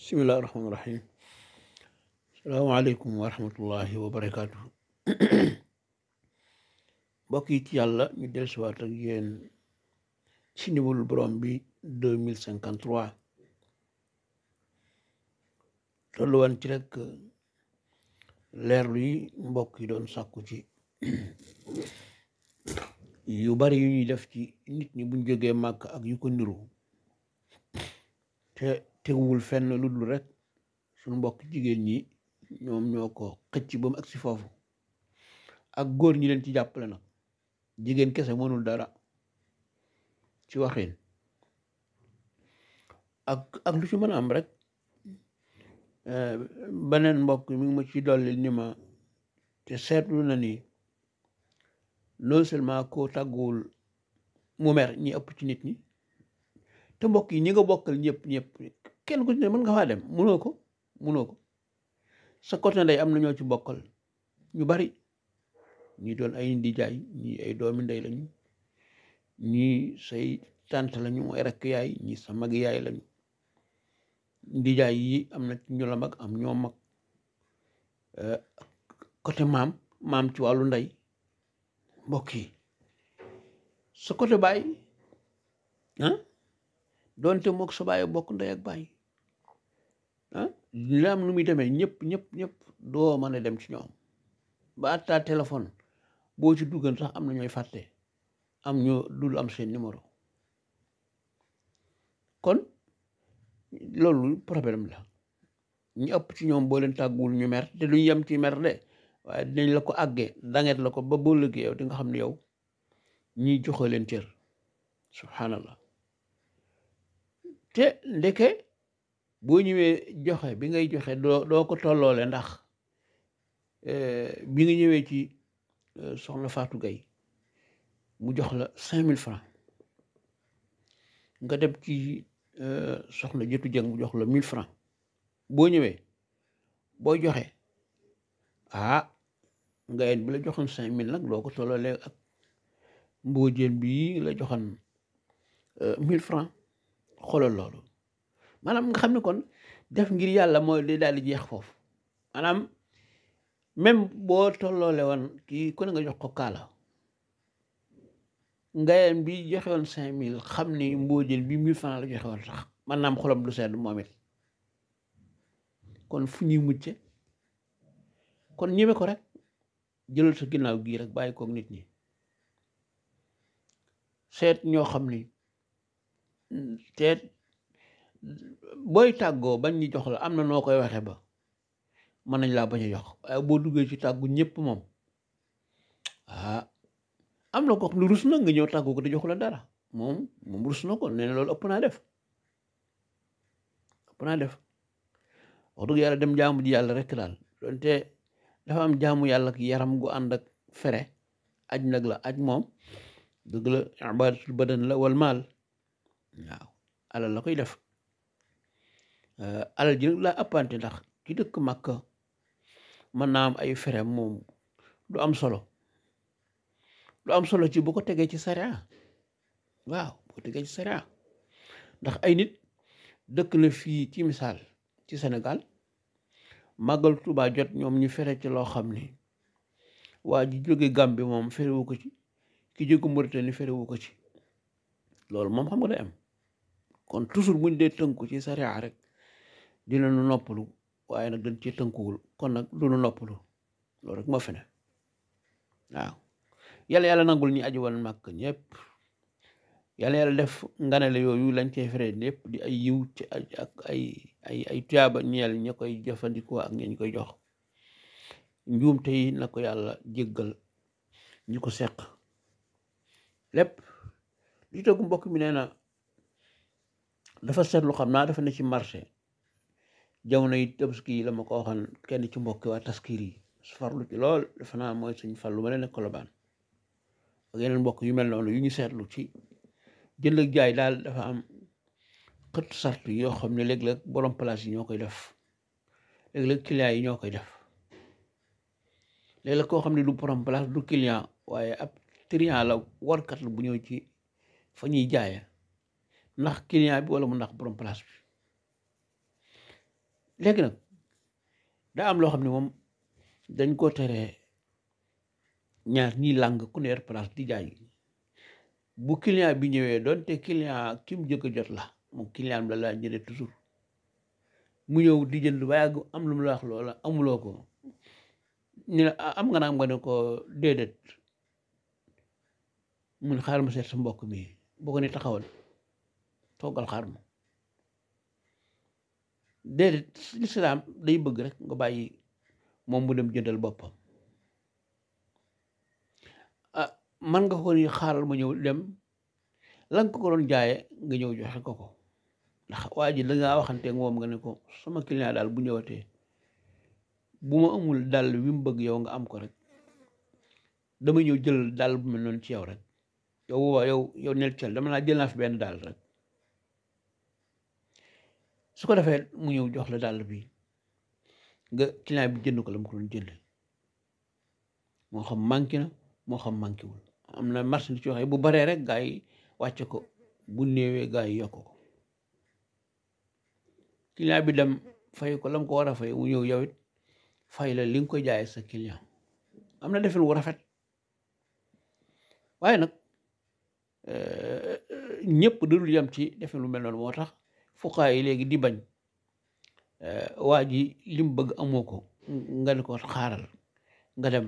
bisimilah rahmaani rahiim salaamaaleykum wa rahmatullahi wa barakaatu. mbokk yi ci yàlla ñu dellusiwaat ak yéen ci ndimbalu borom bi deux mille cinquante trois tollu ci rek leerlu yi mbokk yi doon sàkku ci yu bari yu ñuy def ci nit ñi buñ jógee màkk ak yu ko niru te teguwul fenn lu dul rek suñu mbokk jigéen ñi ñoom ñoo ko xëcc ba ak si foofu ak góor ñi leen ci jàppale nag jigéen kese mënul dara ci waxin ak ak lu ci mën a am rek eh, beneen mbokk mi ma ci dolli ni ma te seetlu na ni non seulement koo tàgguwul mu mer ñi ëpp ci nit ñi te mbokk yi ñi nga bokkal ñëpp ñëpp kenn ku ci ne mën nga faa dem mënoo ko mënoo ko sa côté ndey am na ñoo ci bokkal ñu bari ñi doon ay ndijaay ñi ay doomi ndey lañu ñi say tante lañu ay rakk yaay ñi sa mag yaay lañu ndijaay yi am na ñu la mag am ñoo mag eh, côté maam maam ci wàllu ndey mbokk yi sa côté baay ah? donte mook sa baay bokk ndey ak baay ah nu muy demee ñëpp ñëpp ñëpp doo mën dem ci ñoom ba atta téléphone boo ci duggan sax am na ñooy fàtte am ñu dul am seen numéro kon loolu problème la ñu ëpp ci ñoom boo leen tàgguwul ñu mer te duñ yem ci mer de waaye dinañ la ko àggee danget la ko ba boo lëggee yow di nga xam ne yow ñiy joxe leen cër subhanallah te ndeke boo ñëwee joxe bi ngay joxe doo doo ko tolloole ndax e, bi nga ñëwee ci e, soxna Fatou Gueye mu jox la cinq mille francs nga dem ci e, soxna jëtu jëng mu jox la mille francs boo ñëwee boo joxe ah ngayeen bi la joxoon cinq mille nag doo ko tolloole ak mboojeen bii la joxoon mille francs xoolal loolu maanaam nga xam ne kon def ngir yàlla mooy day daal di jeex foofu maanaam même boo tolloole woon kii kon ne nga jox ko kaala ngayeen bi joxe woon cinq xam ni mboojël bi mille franc la joxe sax man naam xolam du sedd moom kon fu ñuy mucce kon ñëwe ko rek jëlal sa ginnaaw gii rek bàyyi koog nit ñi seet ñoo xam ni te booy tàggoo bañ ñu jox la am na noo koy waxe ba mën nañ laa bañ a jox boo duggee ci tàggu ñëpp moom ah am na ko lu rus na nga ñëw tàggu ko te jox la dara moom moom rus na ko nee lool loolu ëpp naa def ëpp naa def wax dugg yàlla dem jaamu ji yàlla rek daal donte dafa am jaamu yàlla yaram gu ànd ak fere aj nag la aj moom dëgg la ibadatul badan la wal maal waaw alal la koy def alal ji nag laa ëppante ndax ci dëkk mag mën naa am ay fere moom du am solo du am solo ci bu ko tegee ci sariya waaw bu ko tegee ci sariya ndax ay nit dëkk na fii ci misaal ci senegal màggal Tuuba jot ñoom ñu fere ci loo xam ni waa ji jóge Gàmbi moom ferewu ko ci ki jóge Mauritanie ferewu ko ci loolu moom xam nga day am kon toujours buñ dee tënku ci sariya rek dinañu noppalu waaye nag dañ cee tënkuwul kon nag du ñu noppalu loolu rek moo fi ne waaw yàlla nangul ñi aju woon màkk ñëpp yàlla yàlla def nganale yooyu lañ cee feree lépp di ay yiw ci ak ay ay ay tuyaaba ña koy jëfandikoo ak ñañ koy jox njuumte yi na ko yàlla jéggal ñi ko seq lépp li toog mbokk mi nee na dafa seetlu xam naa dafa ne ci marché jamono yi tabaski la ma ko waxoon kenn ci mbokki waa taskir yi su ci lool dafa naa mooy suñ farlu ma ne nekk kolobaan ak yeneen mbokk yu mel noonu yu ñu seetlu ci jënd ak jaay daal dafa am xëtt sart yoo xam ne léeg-léeg borom place yi ñoo koy def léeg-léeg client yi ñoo koy def léeg koo xam ne du borom place du client waaye ab triant la warkat la bu ñëw ci fa ñuy jaay ndax client bi walla mu ndax borom place bi léegi nag daa am loo xam ne moom dañ ko tere ñaar ñi làng ku neer place di bu client bi ñëwee doonte client ki mu jëkk jot la moom client bi la toujours mu ñëw di jënd ba am lu la wax loola amuloo ko ñu ne ah, am nga naa nga ne ko déedéet mun xaar ma seet sa mbokk mi boo ko ne taxawal toggal xaar ma déedéet lislaam day bëgg rek nga bàyyi moom mu dem jëndal boppam ah man nga ko ni xaaral ma ñëw dem la nga ko doon jaaye nga ñëw joxe ko ko ndax waa ji da ngaa waxante moom nga ne ko sama client daal bu ñëwatee bu ma amul dàll wi mu bëgg yow nga am ko rek dama ñëw jël dàll bu mel noonu ci yow rek yow yow yow nel cel dama laa jël naa fi benn dàll rek su ko defee mu ñëw jox la dàll bi nga client bi jënd ko lam mu ko jënd moo xam manqué na moo xam manqué wul am na marché ci waxee bu baree rek gaa wàcce ko bu néewee gaa yi yokk ko client bi dem fay ko la ko war a fay wu ñëw yow it fay la li nga koy jaayee sa client am na defin wu rafet waaye nag eh, ñëpp dudul yam ci defin lu mel noonu moo tax fuqaa yi léegi di bañ eh, waa ji lim bëgg amoo ko nga ne ko xaaral nga dem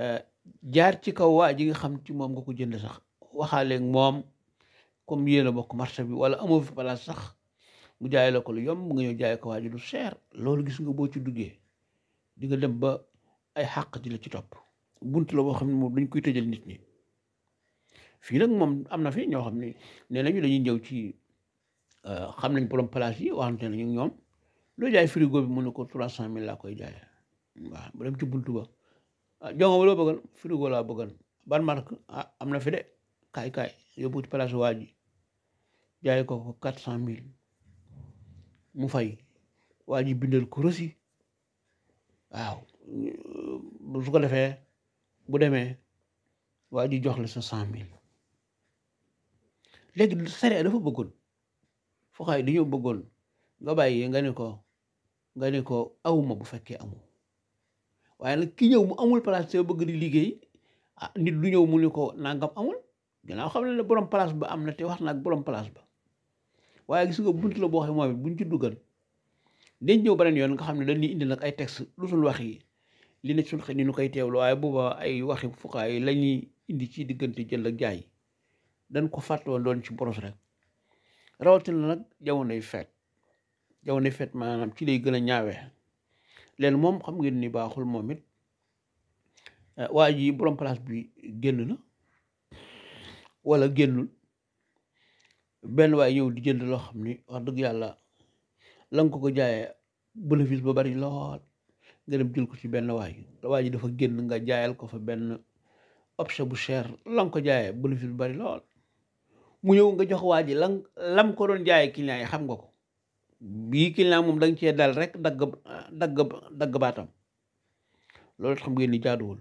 eh, jaar ci kaw waa ji nga xam ci moom nga ko jënd sax waxaaleeg moom comme yéen bokk marché bi wala amoo fi place sax mu jaay la ko lu yomb nga ñëw jaay ko waa ji seer loolu gis nga boo ci duggee di nga dem ba ay xàq di la ci topp bunt la boo xam ne moom dañ koy tëjal nit ñi fii nag moom am na fi ñoo xam ne nee nañu dañuy ñëw ci Euh, xam nañ borom place yi waxante nañu ñoom loo jaay frigo bi mu ne ko trois cent mille laa koy jaay waaw ba dem ba ah jongo ba frigo laa bëggoon ban mark ah, am na fi de kaay kaay yóbbu ci place waa ji jaay ko ko quatre cent mille mu fay waa ji bindal ko rësi waaw su ko defee bu demee waa ji jox la sa cent mille léegi sariya dafa bëggoon. fuqaay dañoo bëggoon nga bàyyi nga ne ko nga ne ko awuma bu fekkee amul waaye nag ki ñëw mu amul place te bëgg di liggéey ah nit du ñëw mu ni ko nangam amul ginnaaw xam ne ne borom place ba am na te wax naag borom place ba waaye gis nga bunt la boo xam moom it buñ ci duggal dañ ñëw beneen yoon nga xam ne dañuy indi nag ay texte lu suñ wax yi li ne suñ xel ni nu koy teewlu waaye bu booba ay waxi fuqaay la ñuy indi ci diggante jël ak jaay dañ ko fàttewoon doon ci boros rek rawatina nag jamonoy feet jamonoy feet maanaam ci lay gën a ñaawee leen moom xam ngeen ni baaxul moom it eh, waa ji borom place bi génn na wala génnul benn waay ñëw di jënd loo xam ni wax dëgg yàlla la nga ko ko jaayee bénéfice ba bari lool nga dem jël ko ci benn waay waa ji dafa génn nga jaayal ko fa benn objet bu cher la ko jaayee bénéfice bu bari lool mu ñëw nga jox waa ji lan lam ko doon jaayee client yi xam nga ko bii client moom da nga cee dal rek dagg baatam loolu xam ngeen ni jaaduwul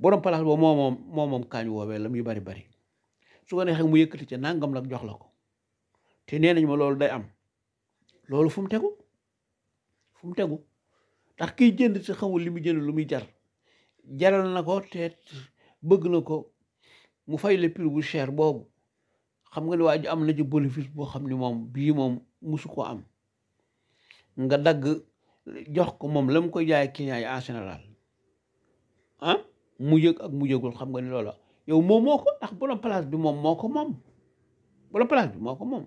borom boobu moo moom moo moom kaañ woowee lam muy bari bari su ko neexee mu yëkkati ca nangam nag jox la ko te nee nañ ma loolu day am loolu fu mu tegu fu tegu ndax ki jënd si xamul li mu jënd lu muy jar jaral na ko te bëgg na ko mu fay le prix bu cher boobu xam nga ne waa am na ci bénéfice boo xam ne moom bii moom musu ko am nga dagg jox ko moom la mu koy jaay client yi en général ah mu yëg ak mu yëgul xam nga ni loola yow moom moo ko ndax borom place bi moom moo ko moom borom bi moo ko moom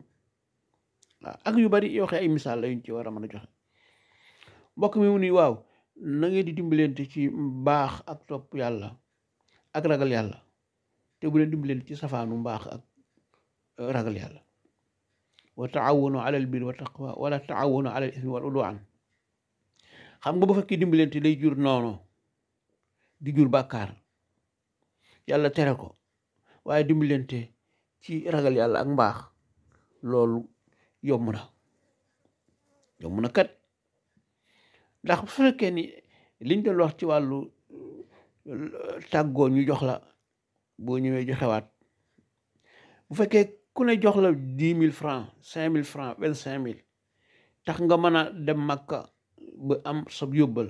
waaw ak yu bari yoo xam ay misaal la yuñ ci war a mën a joxe mbokk mi mu ni waaw na ngeen di dimbalante ci baax ak topp yàlla ak ragal yàlla te bu leen dimbalante ci safaanu mbaax ak ragal yàlla wa taawanu alal birri wa taqwa wala taawanu alal ismi wal udwaan xam nga bu fekkee dimbalante day jur noonu di jur bàkkaar yàlla tere ko waaye dimbalante ci ragal yàlla ak mbaax loolu yomb na yomb ndax bu fekkee ni liñ doon wax ci wàllu tàggoo ñu jox la boo ñëwee joxewaat bu fekkee ku ne jox la dix mille francs cinq mille francs vingt cinq mille tax nga mën a dem Makka ba am sab yóbbal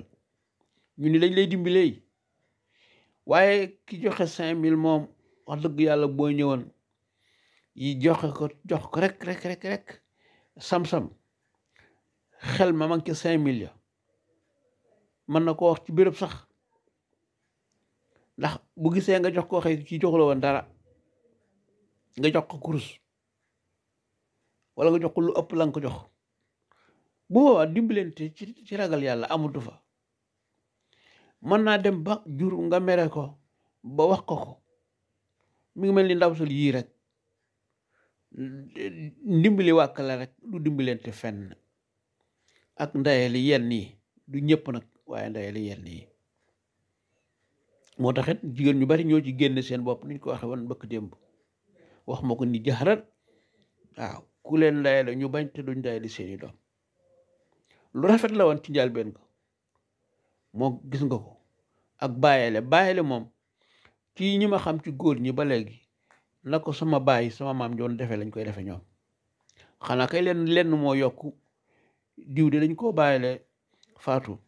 ñu ni dañ lay dimbileey waaye ki joxe cinq mille moom wax dëgg yàlla boo ñëwoon yi joxe ko jox ko rek rek rek sam-sam xel ma mag ca cinq mille ya mën na ko wax ci béréb sax ndax bu gisee nga jox ko xëy ci joxula woon dara nga jox ko kurus walla nga jox ko lu ëpp la ko jox bu boobaa dimbalante ci ci ragal yàlla amatu fa mën naa dem ba jur nga mere ko ba wax ko ko mi ngi mel ni ndaw sul yii rek ndimbali wàkk la rek du dimbalante fenn ak li yenn yi du ñëpp nag waaye li yenn yi moo taxit jigéen ñu bari ñoo ci génn seen bopp ni ñu ko waxe woon bëkk démb wax ma ko ni jaxaran waaw ku leen lay la ñu bañ te duñ day li seeni doom lu rafet la woon ci njëlbéen ko moo gis nga ko ak bàyyele bàyyele moom kii ñi ma xam ci góor ñi ba léegi na ko sama baay sama maam doon defee lañ koy defe ñoom xanaa kay leen lenn moo yokk diw de dañ koo bàyyile faatu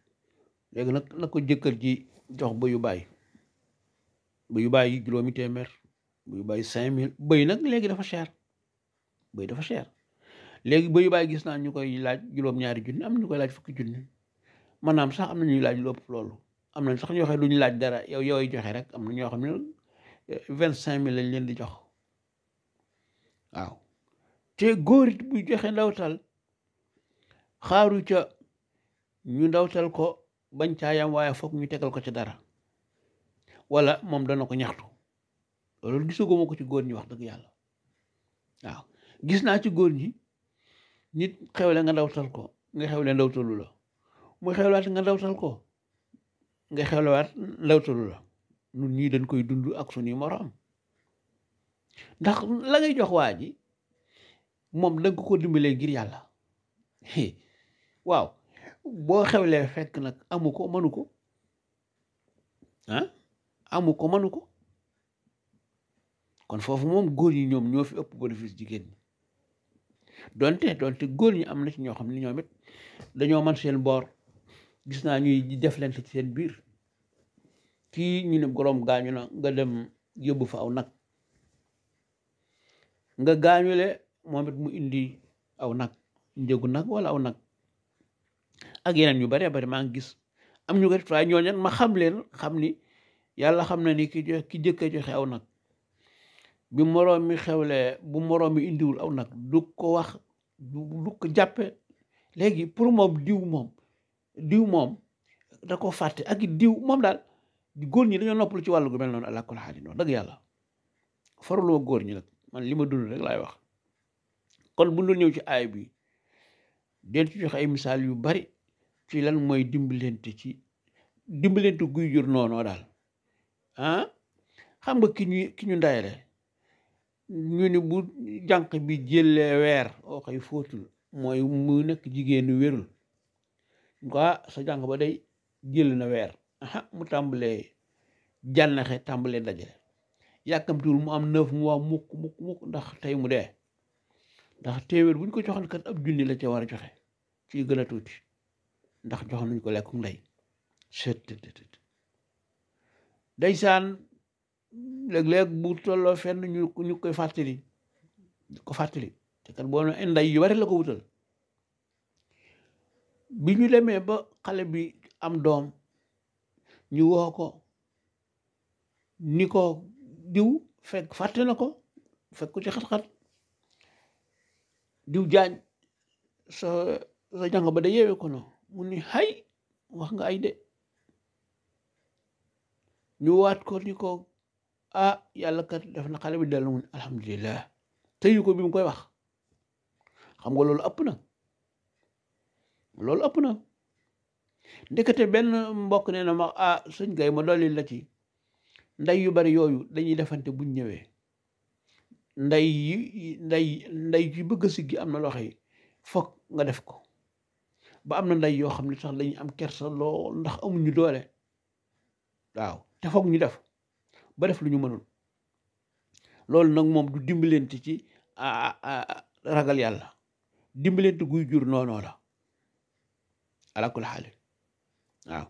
léegi nag na ko jëkkër ji jox ba yu bàyyi ba yu bàyyi juróomi téeméer buy bàyyi cinq mille bëy nag léegi dafa cher bëy dafa cher léegi bëyu baay gis naa ñu koy laaj juróom-ñaari junni am ñu koy laaj fukki junni maanaam sax am na ñuy laaj lu loolu am nañ sax ñoo xam ne duñu laaj dara yow yooy joxe rek am na ñoo xam ne vingt cinq mille lañ leen di jox waaw te góor it buy joxe ndawtal xaaru ca ñu ndawtal ko bañ yam waaye foog ñu tegal ko ci dara wala moom dana ko ñaxtu loolu gisaguma ko ci góor ñi wax dëgg yàlla waaw gis naa ci góor ñi nit xewle nga ndawtal ko nga xewle ndawtalu la muy xewlewaat nga ndawtal ko nga xewlewaat ndawtalu la ñun nii dañ koy dund ak suñuy moroom ndax la ngay jox waa ji moom da nga ko dimbalee ngir yàlla waaw boo xewlee fekk nag amu ko mënu ko ah amu ko mënu ko kon foofu moom góor yi ñoom ñoo fi ëpp bénéfice jigéen ñi donte donte góor ñi am na ci ñoo xam ne ñoom it dañoo mën seen boor gis naa ñuy deflante ci seen biir kii ñu ne goroom gaañu na nga dem yóbbu fa aw nag nga gaañule moom it mu indi aw nag njëgu nag wala aw nag ak yeneen ñu baree bari maa ngi gis am ñu ko def waaye ñooñu ma xam leen xam ni yàlla xam na ni ki ki jëkk joxe aw nag bi moroom mi xewlee bu moroom mi indiwul aw nag du ko wax du ko jàppe léegi pour moom diw moom diw moom da ko fàtte ak diw moom daal góor ñi dañoo noppalu ci wàllu gu mel noonu ala kulli xaalin wax dëgg yàlla faruloo góor ñi nag man li ma dund rek laay wax kon bu doon ñëw ci aay bi den ci joxe ay misaal yu bari ci lan mooy dimbalante ci dimbalante guy jur noonoo daal ah xam nga ki ñu ki ñu ndayale ñu ni bu jànq bi jële weer oo koy fóotul mooy mu nekk jigéenu wérul nga sa jànq ba day jël na weer aha mu tàmbalee jànnaxe tàmbalee dajale yàkkamtiwul mu am neuf mois mukk mukk mukk ndax tey mu dee ndax téeméer bu ñu ko joxoon kat ab junni la ca war a joxe ci gën a tuuti ndax joxoon nañ ko lekkum ndey sët day saan léeg-léeg bu tolloo fen ñu ñu koy fàttali ko fàttali te kat boo nee nday yu bari la ko wutal bi ñu demee ba xale bi am doom ñu woo ko ni ko diw fekk fàtte na ko fekku ci xat diw jaañ sa sa ba da yeewee ko mu ni xay wax nga ay de ñu waat ko ni a ah, yàlla kat def na xale bi dellu mu alhamdulilah tëyu ko bi mu koy wax xam nga loolu ëpp na loolu ëpp na ndekete benn mbokk ne na ma ah sëñ gay ma dolli la ci ndey yu bari yooyu dañuy defante buñ ñëwee ndey yi ndey ndey ci bëgg a am na loo xëy foog nga def ko ba am na ndey yoo xam ne sax dañuy am kersa lool ndax amuñu doole waaw te foog ñu def ba def lu ñu mënul loolu nag moom du dimbalante ci ragal yàlla dimbalante guy jur noonoo la ala kulli xaal waaw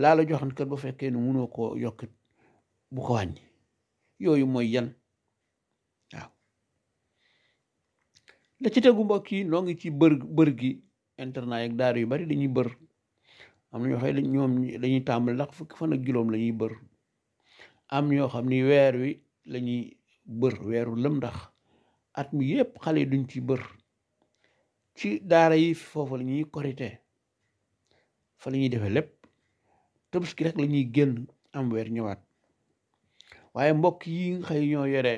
laa la joxan kat ba fekkee ne mënoo koo yokkit bu ko wàññi yooyu mooy yan waaw la ci tegu mbokk yi noo ngi ci bër bër gi internet ak daar yu bari dañuy bër am na ñoo xam ne ñoom dañuy tàmbali ndax fukki fan ak juróom la ñuy bër am ñoo xam ni weer wi lañuy ñuy bër weeru lëm ndax at mi yëpp xale yi duñ ci bër ci daara yi foofu la ñuy korite fa la defee lépp tabaski rek lañuy génn am weer ñëwaat waaye mbokk yi nga xëy ñoo yore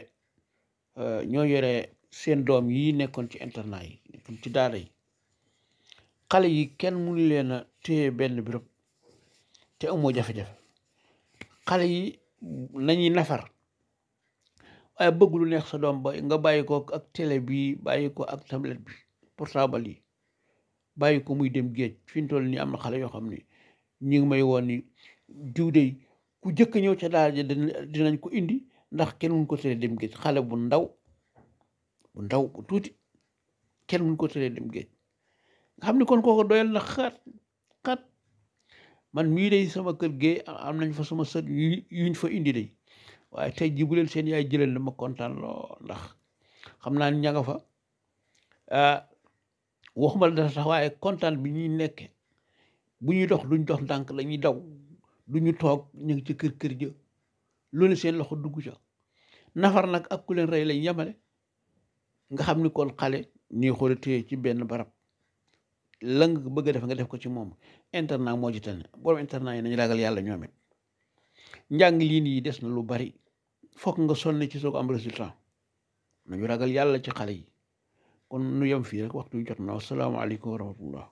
euh, ñoo yore seen doom yi nekkoon ci internat yi nekkoon ci daara yi xale yi kenn mënu leen a téye benn béréb te amoo jafe-jafe xale yi nañuy nafar waaye bëgg lu neex sa doom ba nga bàyyi ko ak télé bi bàyyi ko ak tablette bi portable yi bàyyi ko muy dem géej fi mu toll nii am na xale yoo xam ni ñu ngi may woon ni diw dey ku jëkk ñëw ca daara ja dinañ ko indi ndax kenn mun ko teree dem géej xale bu ndaw bu ndaw bu tuuti kenn mun ko teree dem géej xam ni kon kooku doyal na xat xat man mii day sama kër gee am nañ fa sama sët yuñ fa indi day waaye tey ji bu leen seen yaay jëlal ma kontaan loo ndax xam naa ni ña nga fa ah, waxuma dara sax waaye kontaan bi ñuy nekk bu ñuy dox duñ dox ndànk la daw du ñu toog ñu ngi ci kër kër ja loolu seen loxo dugg ca nafar nag ak ku leen rey lañ yemale nga xam ni kon xale nii xool téye ci benn barab la nga bëgg a def nga def ko ci moom internat moo ci tane borom internat yi nañu ragal yàlla ñoom it njàng yii nii des na lu bari fokk nga sol sonn ci soo ko am résultat nañu ragal yàlla ci xale yi kon nu yem fii rek waxtu wi jot na wasalaamaaleykum wa rahmatullah